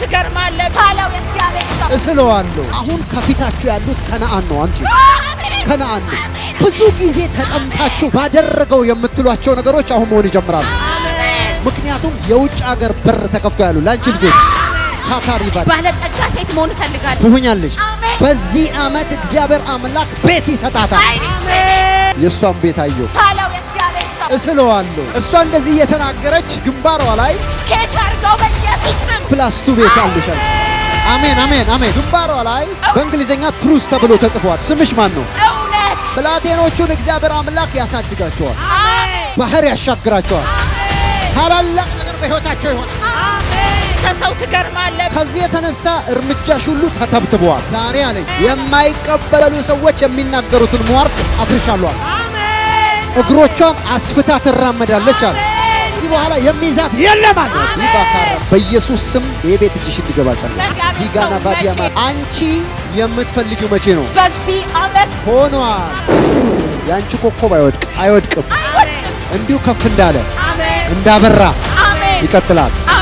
ትገርማለህ። ሳለው እግዚአብሔር እስለዋለሁ። አሁን ከፊታችሁ ያሉት ከነአን ነው። አንቺ ከነአን ነው። ብዙ ጊዜ ተጠምታችሁ ባደረገው የምትሏቸው ነገሮች አሁን መሆን ይጀምራሉ። ምክንያቱም የውጭ ሀገር በር ተከፍቶ ያሉ ለአንቺ ልጆች ካታር ይባል ባለጠጋ ሴት መሆን እፈልጋለሁ። ትሆኛለሽ። በዚህ አመት እግዚአብሔር አምላክ ቤት ይሰጣታል። የእሷም ቤት አየሁ እስለዋለሁ። እሷ እንደዚህ እየተናገረች ግንባሯ ላይ ስኬት አድርገው በኢየሱስ ስም ፕላስ ቱ ቤት አልሻል። አሜን አሜን አሜን። ግንባሯ ላይ በእንግሊዝኛ ክሩስ ተብሎ ተጽፏል። ስምሽ ማን ነው? እውነት። ብላቴኖቹን እግዚአብሔር አምላክ ያሳድጋቸዋል። ባህር ያሻግራቸዋል። ታላላቅ ነገር በሕይወታቸው ይሆናል። ሰው ትገርማለህ። ከዚህ የተነሳ እርምጃሽ ሁሉ ተተብትበዋል። ዛሬ አለኝ የማይቀበሉ ሰዎች የሚናገሩትን ሟርት አፍርሻለሁ። እግሮቿን አስፍታ ትራመዳለች አለ። ከዚህ በኋላ የሚይዛት የለም አለ። በኢየሱስ ስም የቤት እጅሽ እንዲገባ ጸልይ። ዚጋና ባዲያማ አንቺ የምትፈልጊው መቼ ነው? በዚህ አመት ሆኗል። የአንቺ ኮከብ አይወድቅ አይወድቅም። እንዲሁ ከፍ እንዳለ እንዳበራ ይቀጥላል።